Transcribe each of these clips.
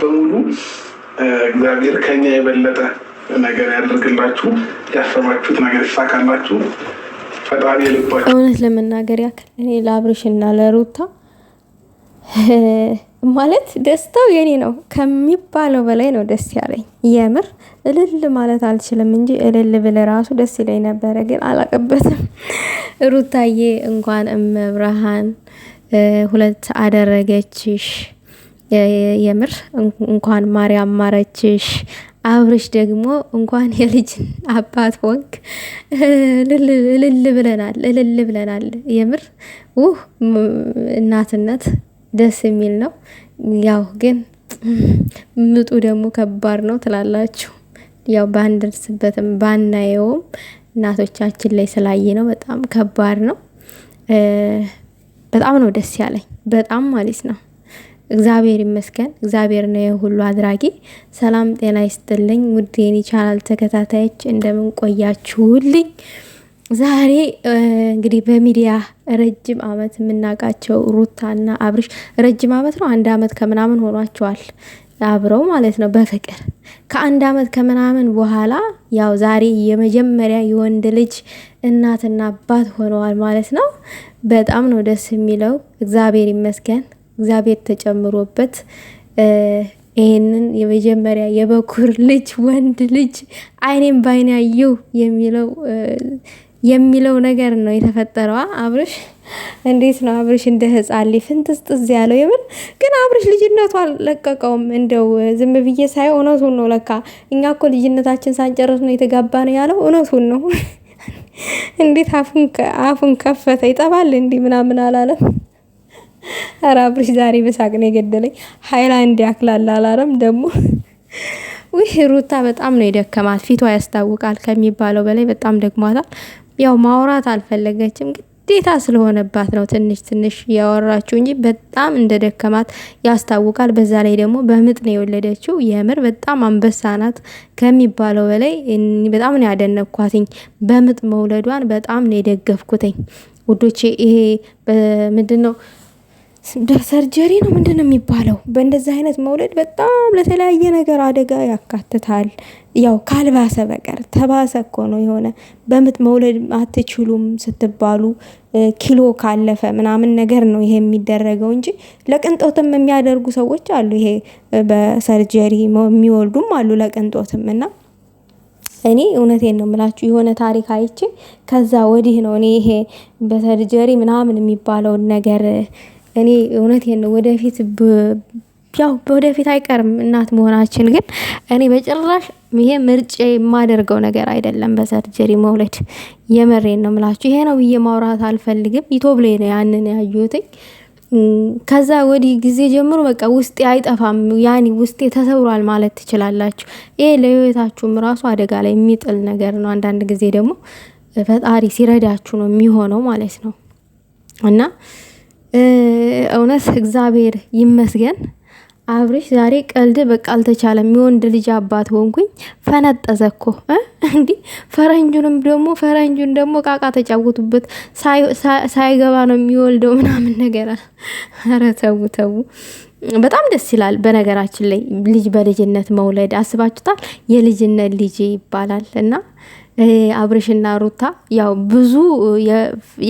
በሙሉ እግዚአብሔር ከኛ የበለጠ ነገር ያደርግላችሁ፣ ያሰባችሁት ነገር ይሳካላችሁ። ፈጣሪ ልባችሁ እውነት ለመናገር ያክል እኔ ለአብርሽና ለሩታ ማለት ደስታው የኔ ነው ከሚባለው በላይ ነው ደስ ያለኝ። የምር እልል ማለት አልችልም እንጂ እልል ብል ራሱ ደስ ይለኝ ነበረ፣ ግን አላቀበትም። ሩታዬ እንኳን እመብርሃን ሁለት አደረገችሽ። የምር እንኳን ማርያም ማረችሽ። አብርሽ ደግሞ እንኳን የልጅ አባት ሆንክ እልል ብለናል፣ እልል ብለናል። የምር ውህ እናትነት ደስ የሚል ነው። ያው ግን ምጡ ደግሞ ከባድ ነው ትላላችሁ። ያው ባንደርስበትም ባናየውም እናቶቻችን ላይ ስላየ ነው። በጣም ከባድ ነው። በጣም ነው ደስ ያለኝ፣ በጣም ማለት ነው። እግዚአብሔር ይመስገን። እግዚአብሔር ነው የሁሉ አድራጊ። ሰላም ጤና ይስጥልኝ ውድ የኔ ቻናል ተከታታዮች እንደምን ቆያችሁልኝ? ዛሬ እንግዲህ በሚዲያ ረጅም አመት የምናውቃቸው ሩታና አብርሽ ረጅም አመት ነው አንድ አመት ከምናምን ሆኗቸዋል አብረው ማለት ነው በፍቅር ከአንድ አመት ከምናምን በኋላ ያው ዛሬ የመጀመሪያ የወንድ ልጅ እናትና አባት ሆነዋል ማለት ነው። በጣም ነው ደስ የሚለው። እግዚአብሔር ይመስገን። እግዚአብሔር ተጨምሮበት ይህንን የመጀመሪያ የበኩር ልጅ ወንድ ልጅ አይኔም ባይን ያየው የሚለው የሚለው ነገር ነው የተፈጠረዋ። አብርሽ እንዴት ነው አብርሽ እንደ ህፃን ልጅ ያለው የምር ግን አብርሽ ልጅነቱ አልለቀቀውም። እንደው ዝም ብዬ ሳይ እውነቱን ነው። ለካ እኛ እኮ ልጅነታችን ሳንጨርስ ነው የተጋባ ነው ያለው። እውነቱን ነው። እንዴት አፉን ከፈተ ይጠባል እንዲህ ምናምን አላለም። ኧረ አብርሽ ዛሬ በሳቅ ነው የገደለኝ። ሀይላንድ ያክላል አላረም ደግሞ ውይ ሩታ በጣም ነው የደከማት። ፊቷ ያስታውቃል ከሚባለው በላይ በጣም ደግሟታል ያው ማውራት አልፈለገችም፣ ግዴታ ስለሆነባት ነው ትንሽ ትንሽ ያወራችው እንጂ በጣም እንደ ደከማት ያስታውቃል። በዛ ላይ ደግሞ በምጥ ነው የወለደችው። የምር በጣም አንበሳ ናት ከሚባለው በላይ በጣም ነው ያደነኳትኝ። በምጥ መውለዷን በጣም ነው የደገፍኩትኝ ውዶቼ። ይሄ ምንድን ነው ሰርጀሪ ነው ምንድን ነው የሚባለው? በእንደዚህ አይነት መውለድ በጣም ለተለያየ ነገር አደጋ ያካትታል። ያው ካልባሰ በቀር ተባሰ እኮ ነው የሆነ በምጥ መውለድ አትችሉም ስትባሉ ኪሎ ካለፈ ምናምን ነገር ነው ይሄ የሚደረገው እንጂ ለቅንጦትም የሚያደርጉ ሰዎች አሉ። ይሄ በሰርጀሪ የሚወልዱም አሉ ለቅንጦትም እና እኔ እውነቴን ነው የምላችሁ የሆነ ታሪክ አይቼ ከዛ ወዲህ ነው እኔ ይሄ በሰርጀሪ ምናምን የሚባለውን ነገር እኔ እውነቴን ነው ወደፊት ያው ወደፊት አይቀርም እናት መሆናችን፣ ግን እኔ በጭራሽ ይሄ ምርጫ የማደርገው ነገር አይደለም። በሰርጀሪ መውለድ የመሬን ነው ምላችሁ። ይሄ ነው ብዬ ማውራት አልፈልግም። ቶብሌ ነው ያንን ያዩትኝ። ከዛ ወዲህ ጊዜ ጀምሮ በቃ ውስጤ አይጠፋም፣ ያኔ ውስጤ ተሰብሯል ማለት ትችላላችሁ። ይሄ ለህይወታችሁም ራሱ አደጋ ላይ የሚጥል ነገር ነው። አንዳንድ ጊዜ ደግሞ ፈጣሪ ሲረዳችሁ ነው የሚሆነው ማለት ነው እና እውነት እግዚአብሔር ይመስገን። አብርሽ ዛሬ ቀልድ በቃ አልተቻለም። የወንድ ልጅ አባት ሆንኩኝ። ፈነጠዘ እኮ እንዲህ ፈረንጁንም ደግሞ ፈረንጁን ደግሞ ቃቃ ተጫወቱበት። ሳይገባ ነው የሚወልደው ምናምን ነገር። ኧረ ተው ተው። በጣም ደስ ይላል። በነገራችን ላይ ልጅ በልጅነት መውለድ አስባችሁታል? የልጅነት ልጅ ይባላል እና አብርሽና ሩታ ያው ብዙ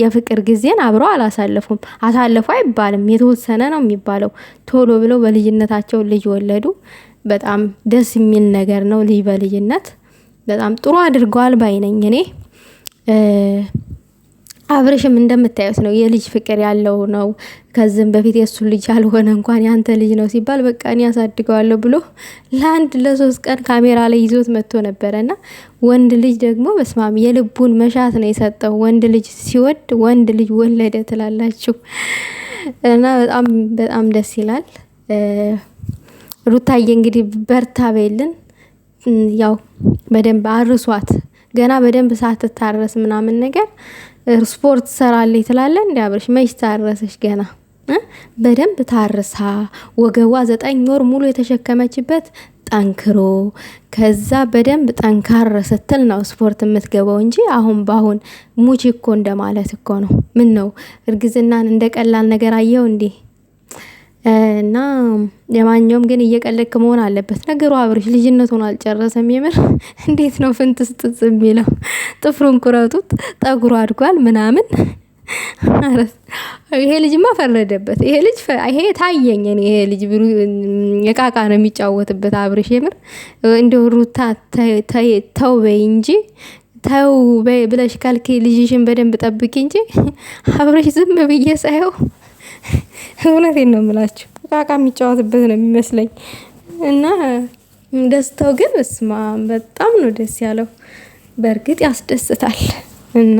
የፍቅር ጊዜን አብረው አላሳለፉም። አሳለፉ አይባልም፣ የተወሰነ ነው የሚባለው። ቶሎ ብለው በልጅነታቸው ልጅ ወለዱ። በጣም ደስ የሚል ነገር ነው። ልጅ በልጅነት በጣም ጥሩ አድርገዋል ባይነኝ እኔ። አብረሽም እንደምታዩት ነው። የልጅ ፍቅር ያለው ነው። ከዚህም በፊት የእሱ ልጅ ያልሆነ እንኳን ያንተ ልጅ ነው ሲባል በቃ እኔ ያሳድገዋለሁ ብሎ ለአንድ ለሶስት ቀን ካሜራ ላይ ይዞት መጥቶ ነበረ እና ወንድ ልጅ ደግሞ በስማም የልቡን መሻት ነው የሰጠው። ወንድ ልጅ ሲወድ ወንድ ልጅ ወለደ ትላላችሁ እና በጣም በጣም ደስ ይላል። ሩታዬ እንግዲህ በርታ በይልን። ያው በደንብ አርሷት ገና በደንብ ሳትታረስ ምናምን ነገር ስፖርት ሰራለች ትላለ እንዲ መች ታረሰች ገና በደንብ ታርሳ ወገቧ ዘጠኝ ወር ሙሉ የተሸከመችበት ጠንክሮ ከዛ በደንብ ጠንካረ ስትል ነው ስፖርት የምትገባው እንጂ አሁን በአሁን ሙች እኮ እንደማለት እኮ ነው። ምን ነው እርግዝናን እንደ ቀላል ነገር አየው እንዲህ እና ለማንኛውም ግን እየቀለድክ መሆን አለበት ነገሩ። አብርሽ ልጅነቱን አልጨረሰም። የምር እንዴት ነው ፍንትስጥጽ የሚለው? ጥፍሩን ኩረጡት፣ ጠጉሩ አድጓል ምናምን። ይሄ ልጅማ ፈረደበት። ይሄ ልጅ ይሄ ታየኝን። ይሄ ልጅ ብሩ የቃቃ ነው የሚጫወትበት አብርሽ። የምር እንደ ሩታ ተው በይ እንጂ ተው ብለሽ ካልክ ልጅሽን በደንብ ጠብቂ እንጂ አብርሽ ዝም ብዬ ሳየው እውነቴን ነው የምላችሁ ቃቃ የሚጫወትበት ነው የሚመስለኝ እና ደስታው ግን እስማ በጣም ነው ደስ ያለው። በእርግጥ ያስደስታል እና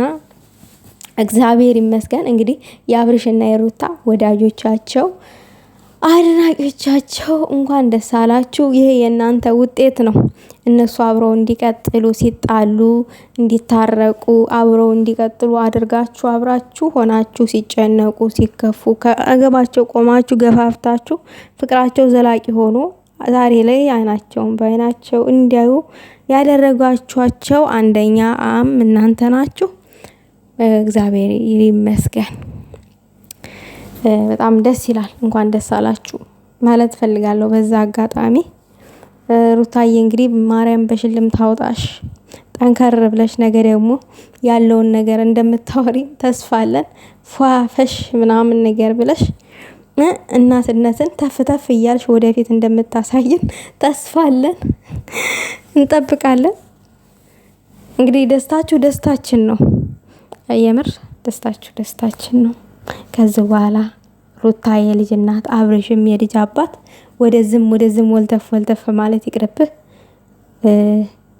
እግዚአብሔር ይመስገን እንግዲህ የአብርሽና የሩታ ወዳጆቻቸው አድናቂዎቻቸው እንኳን ደስ አላችሁ። ይሄ የእናንተ ውጤት ነው። እነሱ አብረው እንዲቀጥሉ ሲጣሉ እንዲታረቁ አብረው እንዲቀጥሉ አድርጋችሁ አብራችሁ ሆናችሁ ሲጨነቁ ሲከፉ ከአገባቸው ቆማችሁ ገፋፍታችሁ ፍቅራቸው ዘላቂ ሆኖ ዛሬ ላይ አይናቸውን በአይናቸው እንዲያዩ ያደረጋችኋቸው አንደኛ አም እናንተ ናችሁ። እግዚአብሔር ይመስገን። በጣም ደስ ይላል። እንኳን ደስ አላችሁ ማለት ፈልጋለሁ በዛ አጋጣሚ። ሩታዬ እንግዲህ ማርያም በሽልም ታውጣሽ። ጠንከር ብለሽ ነገ ደግሞ ያለውን ነገር እንደምታወሪ ተስፋ አለን። ፏፈሽ ምናምን ነገር ብለሽ እናትነትን ተፍ ተፍ እያልሽ ወደፊት እንደምታሳይን ተስፋ አለን፣ እንጠብቃለን። እንግዲህ ደስታችሁ ደስታችን ነው። የምር ደስታችሁ ደስታችን ነው። ከዚህ በኋላ ሩታ የልጅ እናት፣ አብርሽም የልጅ አባት ወደዝም ወደዝም ወልተፍ ወልተፍ ማለት ይቅርብህ።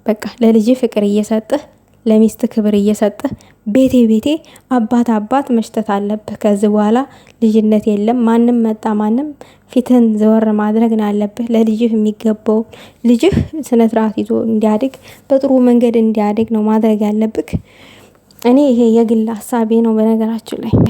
በቃ ለልጅ ፍቅር እየሰጥህ ለሚስት ክብር እየሰጥህ ቤቴ ቤቴ አባት አባት መሽተት አለብህ። ከዚህ በኋላ ልጅነት የለም። ማንም መጣ ማንም ፊትን ዘወር ማድረግ ነው ያለብህ። ለልጅህ የሚገባው ልጅህ ስነስርዓት ይዞ እንዲያድግ በጥሩ መንገድ እንዲያድግ ነው ማድረግ ያለብህ። እኔ ይሄ የግል ሀሳቤ ነው በነገራችን ላይ